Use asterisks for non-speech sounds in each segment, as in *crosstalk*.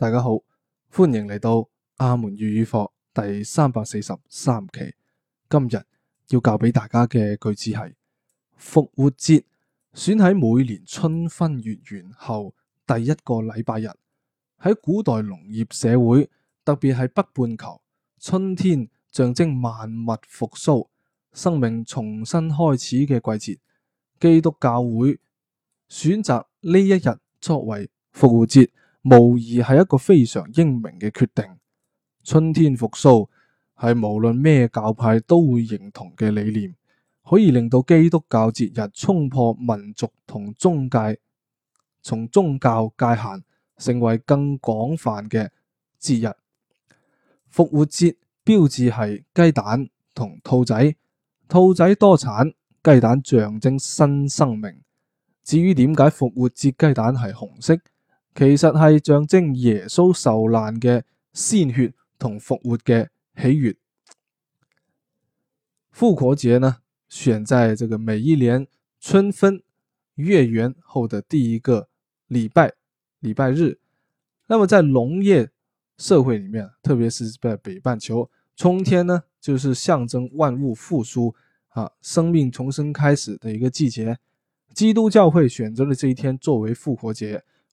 大家好，歡迎嚟到阿門粵語課第三百四十三期。今日要教俾大家嘅句子係復活節選喺每年春分月圓後第一個禮拜日。喺古代農業社會，特別係北半球，春天象徵萬物復蘇、生命重新開始嘅季節。基督教會選擇呢一日作為復活節。無疑係一個非常英明嘅決定。春天復甦係無論咩教派都會認同嘅理念，可以令到基督教節日衝破民族同宗教，從宗教界限，成為更廣泛嘅節日。復活節標誌係雞蛋同兔仔，兔仔多產，雞蛋象徵新生命。至於點解復活節雞蛋係紅色？其實係象徵耶穌受難嘅鮮血同復活嘅喜悅。復 *music* 活節呢，選在這個每一年春分月圓後的第一個禮拜禮拜日。那麼在農業社會裏面，特別是在北半球，春天呢就是象徵萬物復蘇啊，生命重新開始的一個季節。基督教會選擇了這一天作為復活節。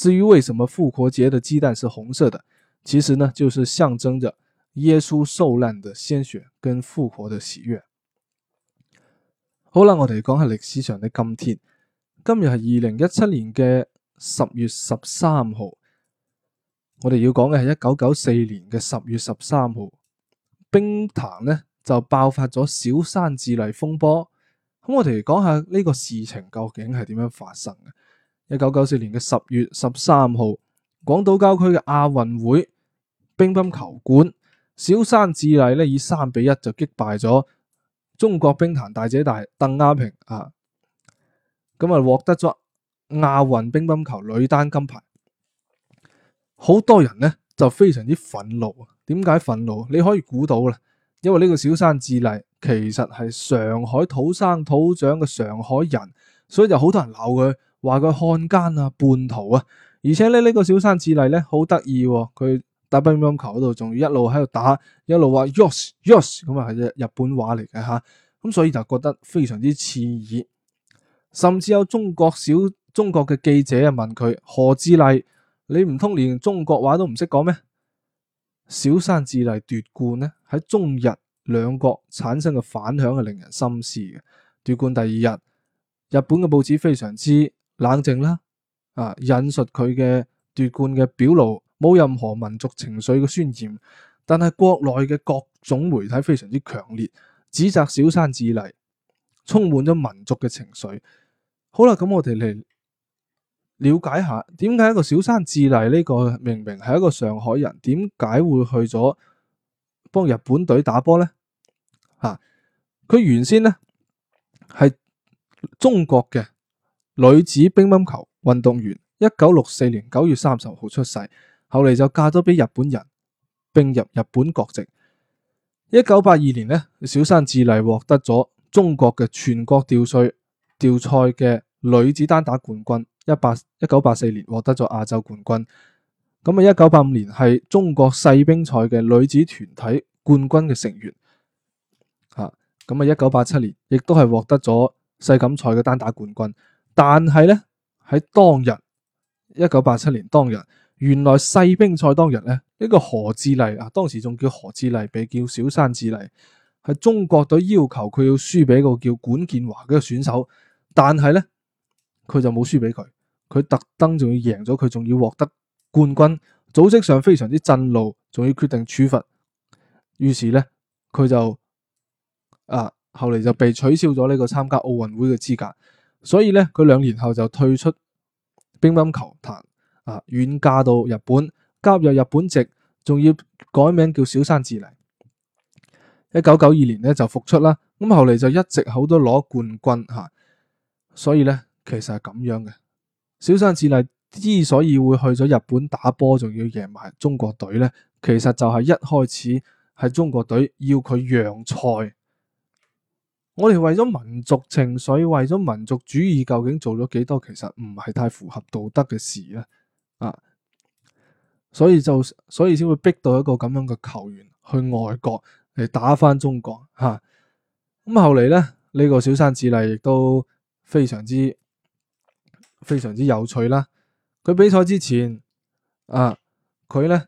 至於為什麼復活節的雞蛋是紅色的，其實呢就是象徵着耶穌受難的鮮血跟復活的喜悦。好啦，我哋講下歷史上的今天，今日係二零一七年嘅十月十三號，我哋要講嘅係一九九四年嘅十月十三號，乒壇呢就爆發咗小山智利風波，咁我哋講下呢個事情究竟係點樣發生嘅。一九九四年嘅十月十三號，廣島郊區嘅亞運會乒乓球館，小山智麗咧以三比一就擊敗咗中國乒壇大姐大鄧亞萍啊，咁啊獲得咗亞運乒乓球女單金牌。好多人呢就非常之憤怒，點解憤怒？你可以估到啦，因為呢個小山智麗其實係上海土生土長嘅上海人，所以就好多人鬧佢。話佢漢奸啊，叛徒啊！而且咧，呢、這個小山智麗咧好得意，佢、啊、打乒乓球嗰度仲一路喺度打，一路話 yosh yosh 咁啊，係只日本話嚟嘅吓，咁、嗯、所以就覺得非常之刺耳。甚至有中國小中國嘅記者啊問佢：何智麗，你唔通連中國話都唔識講咩？小山智麗奪冠咧喺中日兩國產生嘅反響係令人深思嘅。奪冠第二日，日本嘅報紙非常之。冷靜啦，啊，引述佢嘅奪冠嘅表露，冇任何民族情緒嘅宣言。但係國內嘅各種媒體非常之強烈，指責小山智麗充滿咗民族嘅情緒。好啦，咁我哋嚟了解下，點解一個小山智麗呢個明明係一個上海人，點解會去咗幫日本隊打波咧？吓、啊，佢原先咧係中國嘅。女子乒乓球運動員，一九六四年九月三十號出世，後嚟就嫁咗俾日本人，并入日本國籍。一九八二年咧，小山智麗獲得咗中國嘅全國吊賽吊賽嘅女子單打冠軍。一八一九八四年獲得咗亞洲冠軍。咁啊，一九八五年係中國世乒賽嘅女子團體冠軍嘅成員。吓，咁啊，一九八七年亦都係獲得咗世錦賽嘅單打冠軍。但係咧喺當日一九八七年當日，原來世乒賽當日咧呢個何智麗啊，當時仲叫何智麗，被叫小山智麗，係中國隊要求佢要輸俾一個叫管建華嘅選手，但係咧佢就冇輸俾佢，佢特登仲要贏咗，佢仲要獲得冠軍，組織上非常之震怒，仲要決定處罰，於是咧佢就啊後嚟就被取消咗呢個參加奧運會嘅資格。所以咧，佢兩年後就退出乒乓球壇，啊遠嫁到日本，加入日本籍，仲要改名叫小山智麗。一九九二年咧就復出啦，咁、啊、後嚟就一直好多攞冠軍嚇、啊。所以咧，其實係咁樣嘅。小山智麗之所以會去咗日本打波，仲要贏埋中國隊咧，其實就係一開始係中國隊要佢讓賽。我哋為咗民族情緒，為咗民族主義，究竟做咗幾多？其實唔係太符合道德嘅事啊！啊，所以就所以先會逼到一個咁樣嘅球員去外國嚟打翻中國吓。咁、啊啊、後嚟咧，呢、呢個小山智麗亦都非常之非常之有趣啦。佢比賽之前啊，佢咧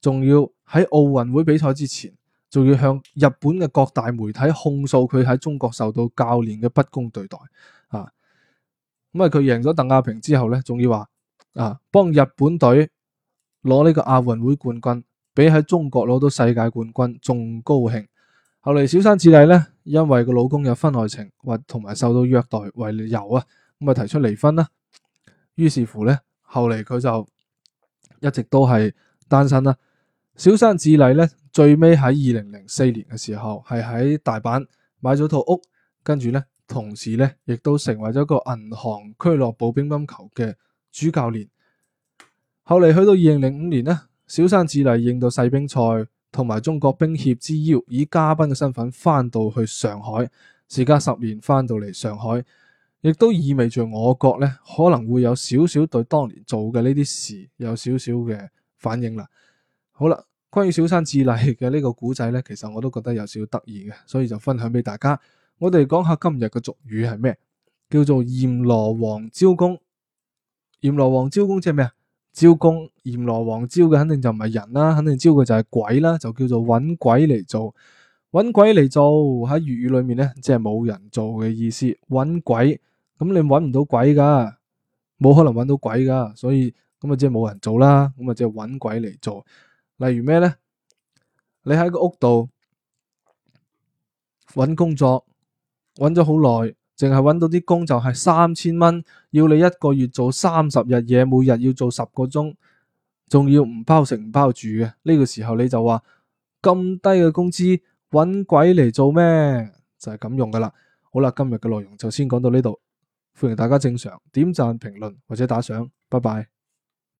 仲要喺奧運會比賽之前。仲要向日本嘅各大媒體控訴佢喺中國受到教練嘅不公對待啊！咁啊，佢贏咗鄧亞萍之後咧，仲要話啊，幫日本隊攞呢個亞運會冠軍，比喺中國攞到世界冠軍仲高興。後嚟小山智麗咧，因為個老公有婚外情或同埋受到虐待為理由啊，咁啊提出離婚啦。於是乎咧，後嚟佢就一直都係單身啦。小山智麗咧。最尾喺二零零四年嘅時候，係喺大阪買咗套屋，跟住咧，同時咧，亦都成為咗個銀行俱樂部乒乓球嘅主教練。後嚟去到二零零五年呢，小山智麗應到世乒賽同埋中國乒協之邀，以嘉賓嘅身份翻到去上海，時隔十年翻到嚟上海，亦都意味住我國咧可能會有少少對當年做嘅呢啲事有少少嘅反應啦。好啦。關於小山智麗嘅呢個古仔呢，其實我都覺得有少少得意嘅，所以就分享俾大家。我哋講下今日嘅俗語係咩，叫做閻羅王招工。閻羅王招工即係咩啊？招工，閻羅王招嘅肯定就唔係人啦、啊，肯定招嘅就係鬼啦、啊，就叫做揾鬼嚟做。揾鬼嚟做喺粵語裏面呢，即係冇人做嘅意思。揾鬼，咁你揾唔到鬼噶，冇可能揾到鬼噶，所以咁啊即係冇人做啦。咁啊即係揾鬼嚟做。例如咩呢？你喺個屋度搵工作，搵咗好耐，淨係搵到啲工就係三千蚊，要你一個月做三十日嘢，每日要做十個鐘，仲要唔包食唔包住嘅。呢個時候你就話，咁低嘅工資搵鬼嚟做咩？就係咁用噶啦。好啦，今日嘅內容就先講到呢度，歡迎大家正常點讚、評論或者打賞，拜拜。